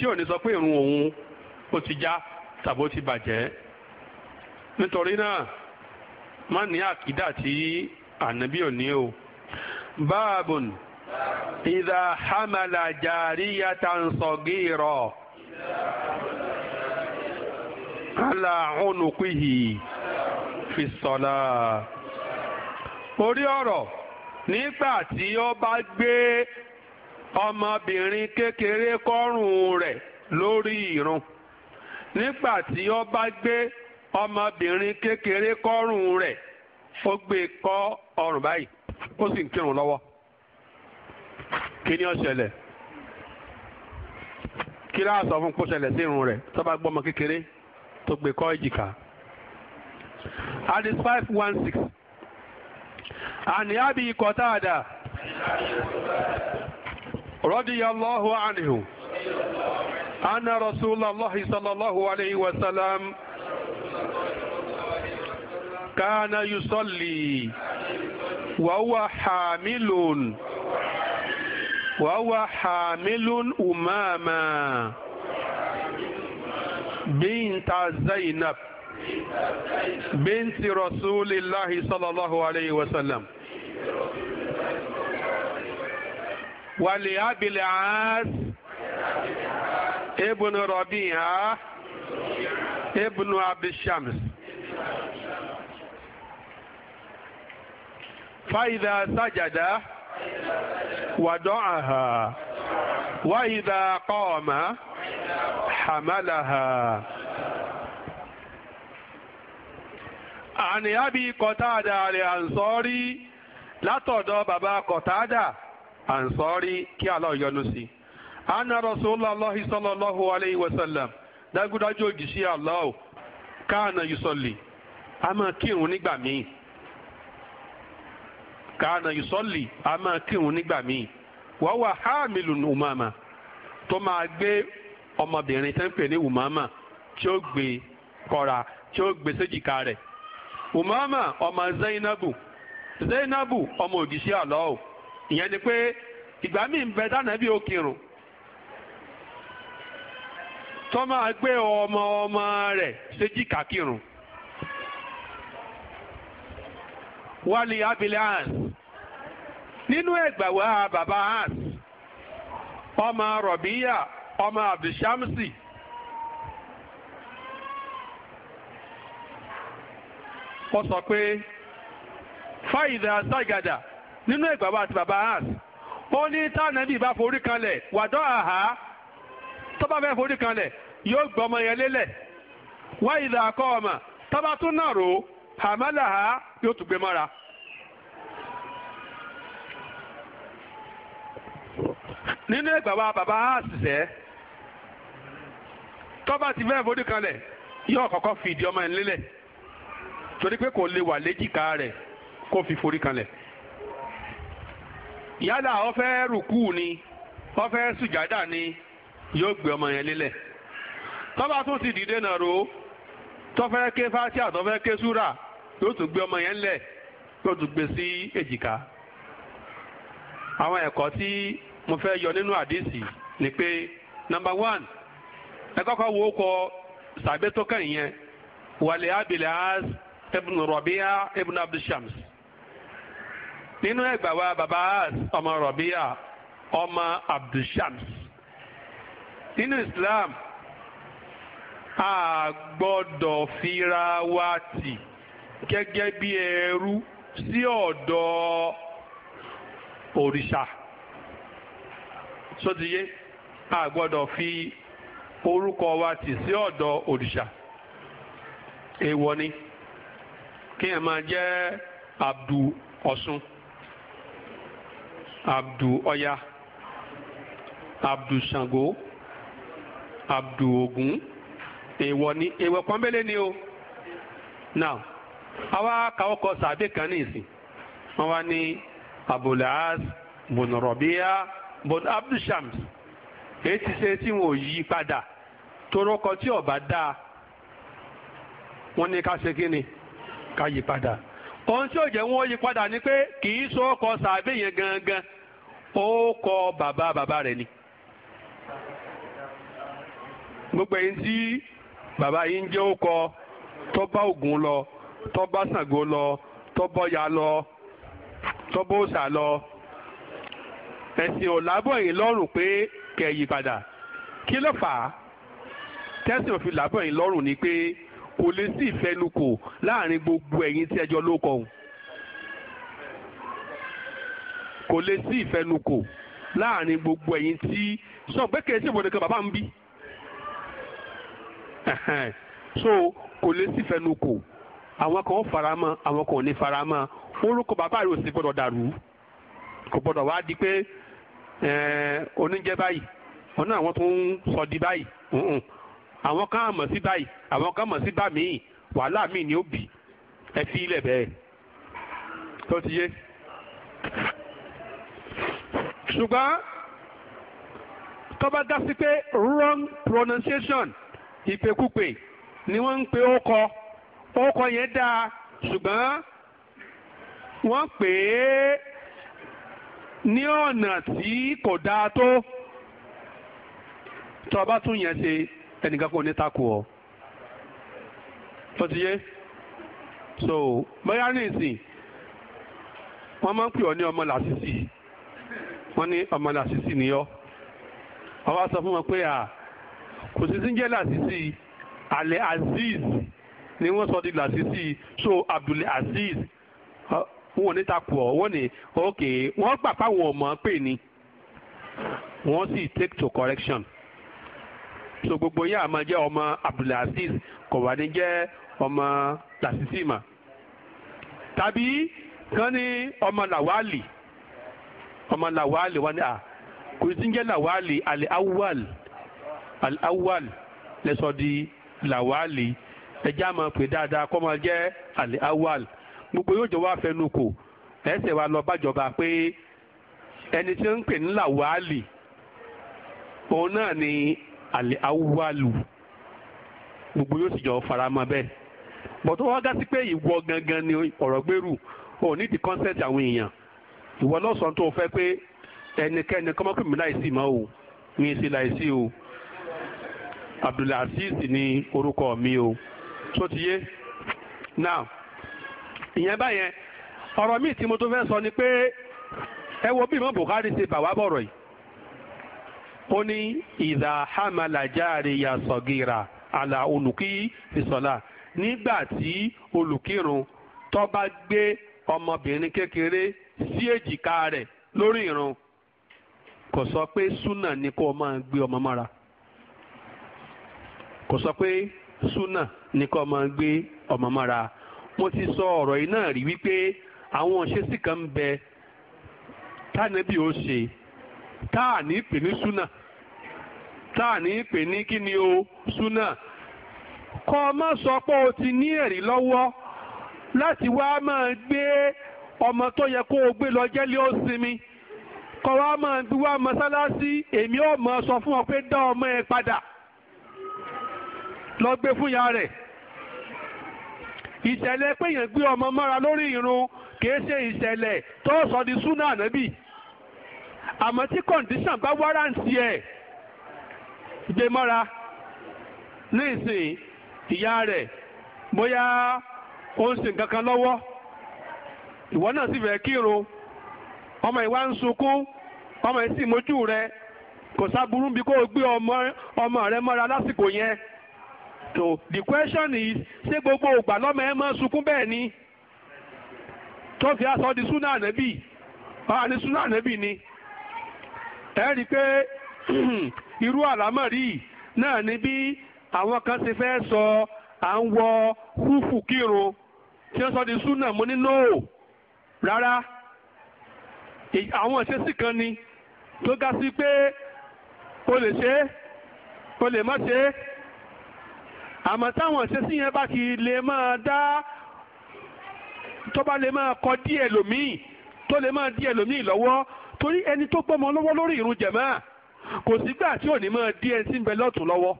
tí ò ní sọ pé irun òun ó ti já tàbó ti bàjẹ́ nítorí náà má ní àkídà tí ànábì ò ní o báàbùn ìdá hamala jàríyàtà ń sọ gírọ ala unukihi fi sọlá orí ọ̀rọ̀ nígbà tí ó bá gbé ọmọbìnrin kékeré kọrùn rẹ lórí ìrun nígbà tí ó bá gbé ọmọbìnrin kékeré kọrùn rẹ ó gbé e kọ ọrùn báyìí ó sì ń kírun lọ́wọ́ kí ni ó ṣẹlẹ̀ kí kó sí irun tó bá kékeré tó gbé e رضي الله عنه أن رسول الله صلى الله عليه وسلم كان يصلي وهو حامل وهو حامل أمامة بنت زينب بنت رسول الله صلى الله عليه وسلم ولأبي العاص ابن ربيعة ابن عبد الشمس فإذا سجد ودعها وإذا قام حملها عن أبي قتادة الأنصاري látọ̀dọ̀ bàbá kọ̀tádà ansori kí Allah yọnu sí ana rasulullahi sallallahu alayhi wa sallam dágúdájú òjìṣẹ́ Allah káàna yusolli a kírun nígbà míì káàna a kírun nígbà míì wọ́n wà hamilun umama tó máa gbé ọmọbìnrin tó ní umama tí ó gbé kọ́ra tí ó gbé séjìká rẹ̀ umama ọmọ zainabu zainabu ọmọ ìyẹn ni pé ìgbà míì ń bẹ dáná bí òkìrùn tó máa gbé ọmọ ọmọ rẹ̀ séjì kàkìrùn wálé abilé hans nínú ẹgbàwá bàbá hans ọmọ rọ̀bíyà ọmọ abdulshamsi. ó sọ pé fáìdà ságàdà. nínú ìgbà wa àti bàbá hans ó ní tànàbí bá forí kanlẹ̀ wàdọ́ àhá tó bá fẹ́ forí kanlẹ̀ yóò gbọ́ ọmọ yẹn lélẹ̀ wá ìlà akọ ọmọ tọ́ba tún náà rò hàmálà ha yóò tún gbé mọ́ra. nínú ìgbà wa bàbá hans sẹ́ tọ́ba ti fẹ́ forí kanlẹ̀ yóò kọ́kọ́ fìdí ọmọ yẹn lélẹ̀ torí pé kò lè wà léjìká rẹ̀ kó fi forí kanlẹ̀. yálà ó fẹ́ rùkú ni ó fẹ́ sùjádà ni yóò gbé ọmọ yẹn lélẹ̀ tó bá tún ti dìde náà ro tó ké fátíà tó ké súrà yóò tún gbé ọmọ yẹn lẹ̀ yóò tún gbé sí èjìká àwọn ẹ̀kọ́ tí mo fẹ́ yọ nínú àdìsí ni pé number one ẹ kọ́kọ́ wo kọ sàbẹ́tọ́kàn yẹn wàlẹ́ abilaz ibn Rabi'a ibn Abdul Shams. nínú ẹgbàá wa baba ọmọ rọbíà ọmọ abdulshams nínú islam a gbọ́dọ̀ fira wa tì gẹ́gẹ́ bí ẹrú sí ọ̀dọ̀ òrìṣà sódìyé a gbọ́dọ̀ fi orúkọ wa tì sí ọ̀dọ̀ òrìṣà èèwọ̀ ni kéèyàn máa jẹ́ abdul ọ̀ṣun abdu ọya abdu ṣàngó abdu Ogun, èèwọ̀ ni èèwọ̀ pọ́nbélé ni o now awa kàwọ́kọ sàbẹ̀ kan ní ìsìn wọ́n wá ní abulaz bunrọ̀bíà bun abdu shams èyí ti ṣe tí wọn o yí padà torókọ tí ọba dáa wọ́n ní ká ṣe kí ni ká yí ohun tí ò jẹ́ wọ́n yí padà ni pé kì í sọ ọkọ̀ sàbẹ̀ yẹn gangan ó kọ bàbá bàbá rẹ̀ ni. gbogbo ẹ̀yin tí bàbá yìí ń jẹ́ ó kọ tó bá Ògún lọ tó bá Ṣàngó lọ tó bá Ọya lọ tó bá òòṣà lọ ẹ̀sìn ò yìí lọ́rùn pé kẹ̀ padà kí ló fà á tẹ́sán òfin làbọ̀ yìí lọ́rùn ni pé kò lè sí ìfẹnukò láàrin gbogbo ẹ̀yin tí ẹjọ́ ló kọ̀ kò lè sí ìfẹnukò láàrin gbogbo ẹ̀yin tí sọ pé kèé ṣèwọ nìkan bàbá ń bí so kò lè sí ìfẹnukò àwọn kan faramọ́ àwọn kan ò ní faramọ́ orúkọ bàbá rẹ ò sì gbọ́dọ̀ dàrú kò gbọ́dọ̀ wá di pé oníjẹ báyìí ọ̀nà àwọn tó ń sọ di báyìí àwọn kan mọ̀ sí báyìí àwọn kan mọ̀ sí bá míì wàhálà míì ni ó bì ẹ fi ilẹ̀ bẹ́ẹ̀ tó ti yé. ṣùgbọ́n tó dá sí pé wrong pronunciation ìpèkúpè ni wọ́n ń pe ókọ ókọ yẹn dáa ṣùgbọ́n wọ́n pè é ní ọ̀nà tí kò dáa tó tó tún yẹn ṣe ẹnìkan kò ní takò ọ tó ti yé so bóyá ní ìsìn wọ́n máa ń pè ọ́ ní ọmọ làṣìṣì wọ́n ní ọmọ làṣìṣì ni ọ́ wọ́n wá sọ fún wọn pé à kò sí sí ń jẹ́ làṣìṣì alẹ́ aziz ni wọ́n sọ di làṣìṣì so abdul aziz wọn ò ní takò ọ wọ́n ní ok wọ́n gbà páwọn ọmọ pè ní wọ́n sì take to correction so gbogbo yín àmọ́ jẹ́ ọmọ Abdulaziz kò wá ní jẹ́ ọmọ Lasisima tàbí kàn ní ọmọ Lawali ọmọ Lawali wá ní à kò Lawali àlè awal àlè awal lẹ́sọ̀ di Lawali ẹjẹ́ àmọ́ pé dáadáa kọ́ máa jẹ́ àlè awal gbogbo yóò jọ wá fẹnu kò ẹsẹ̀ wa lọ bájọba pé ẹni tí ń pè ní Lawali òun náà ni àlè awúwàlù gbogbo yóò sì jọ faramọ́ bẹ́ẹ̀ bọ̀tọ̀ wá gá sí pé ìwọ gangan ni ọ̀rọ̀ gbèrú ò ní di concept àwọn èèyàn ìwọ lọ́sàn-án tó fẹ́ pé ẹnikẹ́ni kọ́mọ́kùn mi láìsí mọ́ o mi sí láìsí o Abdulaziz ni orúkọ mi o tó ti yé now ìyẹn báyẹn ọ̀rọ̀ míì tí mo tó fẹ́ sọ ni pé ẹ wo bí ìmọ̀ Buhari ṣe bà wá bọ̀rọ̀ yìí ó ní ìdá hamala ya sọ̀gìrà àlà olùkí ìsọ̀lá nígbà tí olùkírun tó bá gbé ọmọbìnrin kékeré sí èjìká rẹ̀ lórí ìrun kò sọ pé súnà ni kó máa gbé ọmọ mọ́ra kò sọ pé súnà ni kó máa gbé ọmọ mọ́ra mo ti sọ ọ̀rọ̀ yìí náà rí wípé àwọn ìṣesí kan ń bẹ tánàbí ó ṣe tá à ní pè ní súnà tá à ní pè ní kí ni o súnà kọ́ ọ má sọ pé o ti ní ẹ̀rí lọ́wọ́ láti wá máa gbé ọmọ tó yẹ kó o gbé lọ jẹ́lẹ̀ ó sinmi kọ́ wa máa bí wá mọ́sálásí èmi ò mọ̀ sọ fún ọ pé dá ọmọ ẹ padà lọ gbé fún ya rẹ̀ ìṣẹ̀lẹ̀ pé èèyàn gbé ọmọ mọ́ra lórí irun kìí ṣe ìṣẹ̀lẹ̀ tó sọ di súnà ànábì àmọ́ tí kọ̀ǹdíṣàn bá wárántì ẹ̀. gbé mọ́ra nísìn ìyá rẹ̀ bóyá ó ń sìn kankan lọ́wọ́ ìwọ náà sì fẹ́ kírun ọmọ ìwà ń sunkún ọmọ ìsìn mójú rẹ kò sáburú bí kò gbé ọmọ rẹ mọ́ra lásìkò yẹn so the question is ṣé gbogbo ògbà lọ́mọ ẹ máa sunkún bẹ́ẹ̀ ni tó fi aṣọ di súnà ànábì ọ̀hánì súnà ànábì ni ẹ rí i pé irú àlámọ̀rí náà ni bí àwọn kan ti fẹ́ sọ à ń wọ húfù kírun tí wọ́n sọ di súnà mo ní nóò rárá àwọn ìṣesí kan ni tó ga sí pé o lè ṣe é o lè má ṣe é àmọ́ táwọn ìṣesí yẹn bá kì í lè máa dá tó bá lè máa kọ díẹ̀ lòmíì tó lè máa díẹ̀ lòmíì lọ́wọ́ torí ẹni tó gbọ́mọ lọ́wọ́ lórí ìrun jẹ̀máà kò sígbà tí ò ní máa dí ẹni tí ń bẹ lọ́tún lọ́wọ́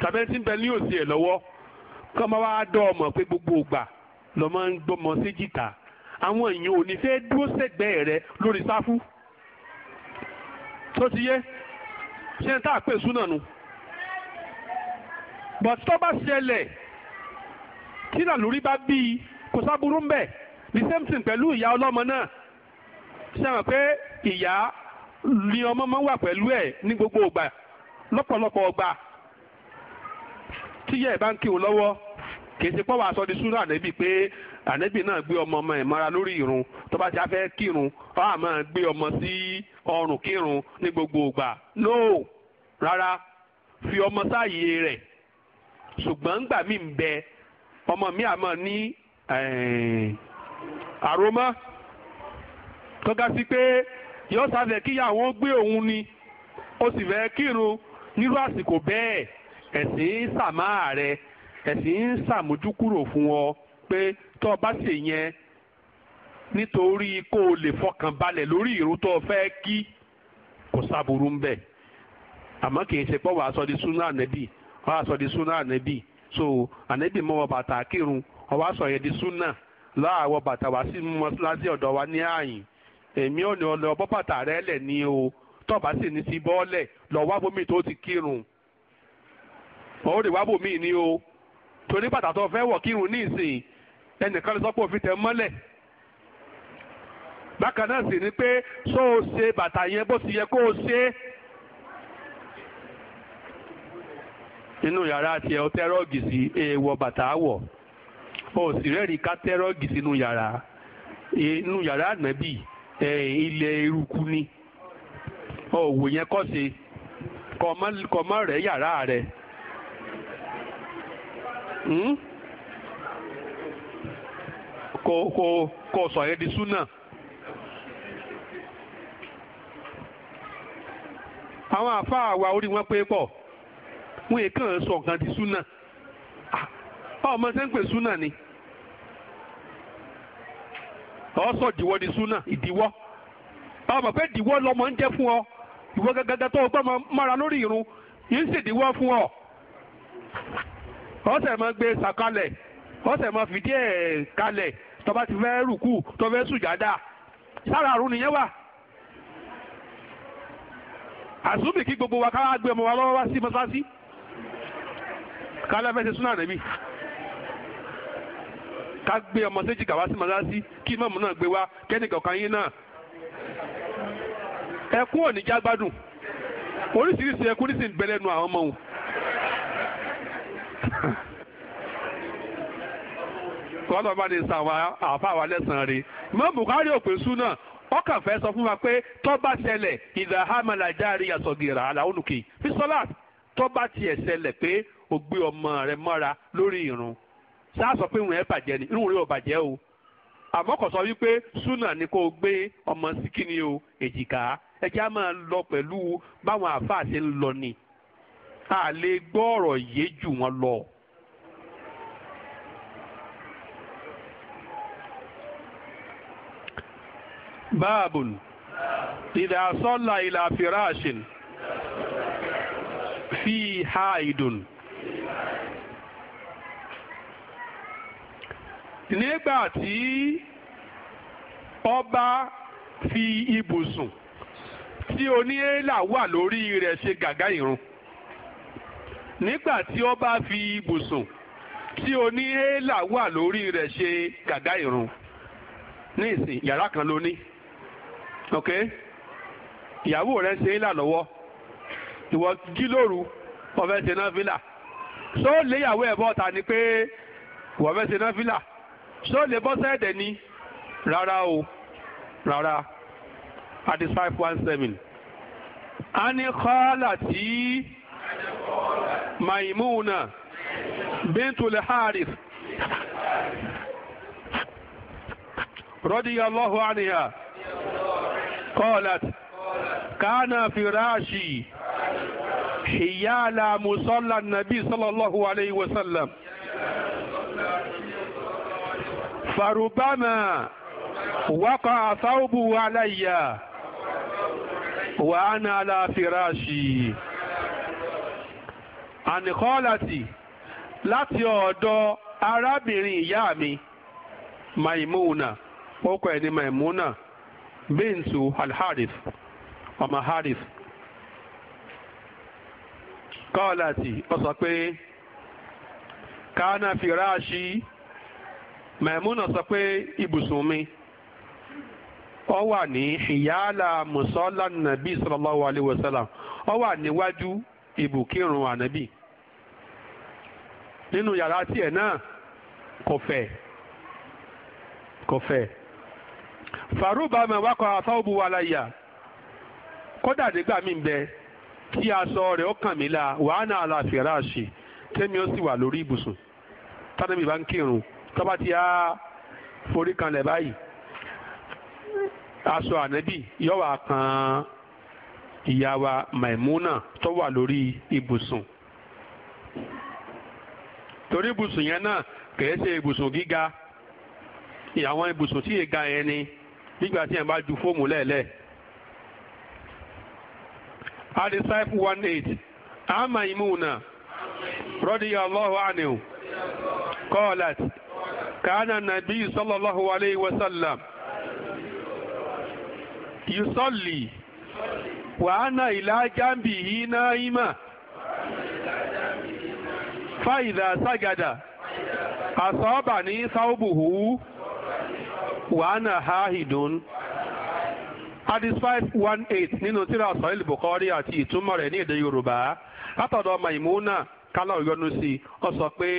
tàbí ẹni tí ń bẹ ní òsì ẹ̀ lọ́wọ́ kọ́ máa wá dọ́ ọmọ pé gbogbo ògbà lọ́ máa ń gbọ́mọ sí jìtá àwọn èèyàn ò ní fẹ́ dúró sẹ́gbẹ̀ẹ́ rẹ lórí sáfù tó ti yé ṣé n tá à pè súnà nu bọ̀tí tó bá ṣẹlẹ̀ tí làlórí bá bí i kò sábúrú ń bẹ̀ the same thing pẹ̀lú ìyá ọlọ́mọ náà ṣe hàn pé ìyá ni ọmọ máa wà pẹ̀lú ẹ̀ ní gbogbo ìgbà lọpọlọpọ ọgbà tíyẹ̀ ẹ̀ bá ń kí lọwọ lọ́wọ́ kì í ṣe pọ́wọ́ aṣọ di súnà ànẹ́bí pé ànẹ́bí náà gbé ọmọ ọmọ ẹ̀ mọ́ra lórí irun tó bá ti afẹ́ kírun ọ́ àmọ́ gbé ọmọ sí ọrùn kírun ní gbogbo ìgbà no rárá fi ọmọ sáàyè rẹ̀ ṣùgbọ́n ńgbà mí ń bẹ ọmọ mi àmọ́ ní àròmọ́ tọ́ka sí pé yóò sáfẹ́ kíyàwó gbé òun ni ó sì fẹ́ kírun nírú àsìkò bẹ́ẹ̀ ẹ̀sìn ń sàmáà rẹ ẹ̀sìn ń sàmójúkúrò fún ọ pé tó o bá ṣe yẹn nítorí kó o lè fọkàn balẹ̀ lórí ìrun tó kí kò sábúrú ń bẹ̀ àmọ́ kì í ṣe pé wàá sọ di súnà ànẹ́bì wàá sọ di súnà ànẹ́bì so ànẹ́bì mọ́ bàtà kírun ọwọ́ àsọ̀yẹ́ di súnà láàwọ̀ bàtà wá sí mọ́ṣáláṣí ọ̀dọ̀ wa ní àyìn èmi ò ní ọlọ bọ́ bàtà rẹ lẹ̀ ní o tọ́ba sì ní ti bọ́ọ̀lẹ̀ lọ wá bómi tó ti kírun ó rè wá bómi ni o torí bàtà tó fẹ́ wọ̀ kírun ní ìsìn ẹnìkan lè sọ pé òfin tẹ mọ́lẹ̀ bákan náà sì ni pé ṣó o ṣe bàtà yẹn bó ti yẹ kó o ṣe nínú yàrá tiẹ̀ ọ tẹ́rọ̀gì sí èèwọ̀ bàtà wọ̀ o sì rẹ́rìí ká tẹ́rọ̀gì sínú yàrá inú yàrá ànábì. ilẹ̀ eruku ni òwò yẹn kọ́ sí kọ́mọ́ rẹ̀ yàrá rẹ̀ kò kò kò sọ yẹn di súnà. àwọn àfáà wa orí wọn pé pọ̀ wọn kàn sọ nǹkan di súnà ah, ọmọ sẹ́ńpẹ̀ súnà ni. Ọsọ dịwọ ni suna, ìdíwọ́ báwo pé ìdíwọ́ lọ́mọ ń jẹ́ fún ọ ìwọ gàgàgà tó o gbọ́ mọ́ra lórí irun yìí ń dịwọ fún ọ ọsẹ máa gbé sàkálẹ̀ ọsẹ máa fìdí ẹ̀ kalẹ̀ tó ti fẹ rùkú tó fẹ sùjádà sára àrùn nìyẹn wà kí gbogbo wa ká gbé ọmọ wa lọ́wọ́ wá sí mọ́sáàsì kálẹ̀ fẹ́ ṣe súnà ká gbé ọmọ séjì kàwá sí mọ́sálásí kí mọ́mù náà gbé wá kẹ́nìkan kan yín náà. ẹkún ò ní já gbádùn oríṣiríṣi ẹkún nísìnyí bẹ́lẹ̀ nu àwọn ọmọ òun. kọ́ńtà bá ní sàwọn àfa àwa lẹ́sàn-án rè mọ́ Bùkárì òpin sùn náà ọkàn fẹ́ sọ fún wa pé tọ́ba ṣẹlẹ̀ ìdá hamala járe àsọ̀gìrà àlàónùkè fi sọ́lá tọ́ba tiẹ̀ ṣẹlẹ̀ pé o gbé ọmọ rẹ mọ́ra lórí ìrun sáà sọ pé ìwọ̀n ẹ̀ bàjẹ́ ni irun rẹ̀ ò bàjẹ́ o àmọ́ kò sọ wípé súnà ni kò gbé ọmọ sí kíni o èjìká ẹjẹ́ á máa lọ pẹ̀lú báwọn àáfàá ṣe ń lọ ni a lè gbọ́ ọ̀rọ̀ yé jù wọ́n lọ. báàbùn ìdá sọ́là ìlà fìràṣìn fi ha ìdùn. nígbà tí ọba fi ibùsùn tí oníhélà wà lórí rẹ̀ ṣe gàgá ìrun nígbà tí ọba fi ibùsùn tí oníhélà wà lórí rẹ̀ ṣe gàgá ìrun ní ìsìn yàrá kan ló ní ok ìyàwó rẹ̀ ṣe hélà lọ́wọ́ ìwọ jí lóru ọfẹ ṣe náà fílà ṣó léyàwó ẹ̀ bọ́ta ni pé ìwọ fẹ́ ṣe náà fílà ṣó lè bọ́ sẹ́ẹ̀dẹ̀ ni rárá o rárá àti five one seven. a ní kọ́lá tí maimuna bintul harith radiyallahu anha qalat kana firashi hiyala musalla nabi sallallahu alayhi wa sallam فربما وقع ثوبه علي وأنا على فراشي عن خالتي láti ọ̀dọ̀ arábìnrin ìyá mi maimuna orúkọ ẹni maimuna bintu alharif ọmọ harif kọ́ọ̀láti ó sọ pé kánà fìráṣí. Maimuna sọ pé ibùsùn mi ọ wà ní ìyáàlà mùsọ́lá nàbí sallallahu alaihi wasallam wà níwájú ibùkírun ànábì nínú yàrá tiẹ̀ náà kò fẹ̀ kò fẹ̀ faruba mẹ́wàkọ̀ àtọ́wọ́bù wa láyà kódà nígbà mí bẹ kí aṣọ rẹ̀ ó kàn mí la wàhánà àlàáfíà ráàṣì tẹ́mi ó sì wà lórí ibùsùn tánàbí bá ń kírun. tọ́ba ti á forí kanlẹ̀ báyìí aṣọ ànábì yóò kan ìyá Maimuna tó wà lórí ibùsùn torí ibùsùn yẹn náà kìí ṣe ibùsùn gíga àwọn ibùsùn tí ìga yẹn ni nígbà tí yẹn bá ju fóòmù lẹ́ẹ̀lẹ́ adisaif one eight ama Maimuna rọ́díyà Allahu anhu kọ́ọ̀lát. كان النبي صلى الله عليه وسلم يصلي وأنا إلى جنبه نائمة فإذا سجد أصابني ثوبه وأنا هاهد hadith five one eight nínú tírà sahil àti ìtumọ̀ rẹ̀ ní èdè yorùbá látọ̀dọ̀ maimuna kálọ̀ yọ́nú sí ọ sọ pé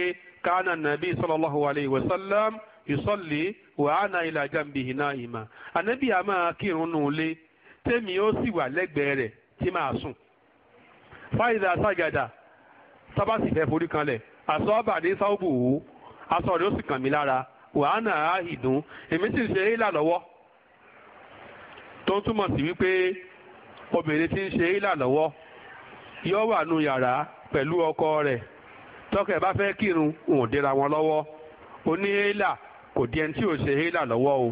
كان النبي صلى الله عليه وسلم يصلي وأنا إلى جنبه نائما النبي أما كيرون لي تمي ó sì wà lẹ́gbẹ̀ẹ́ rẹ̀ tí màá sùn سجد tó bá sì fẹ́ forí kanlẹ̀ أصابني ثوبه aṣọ rẹ̀ ó sì kàn mí lára wàhánà àhìdùn èmi sì ń ṣe éèlà obìnrin tí ń ṣe ọkọ rẹ̀ tọkọ ẹ̀ bá fẹ́ kírun òun ò dira wọn lọ́wọ́ oní hélà kò di ẹni tí ò ṣe hélà lọ́wọ́ o.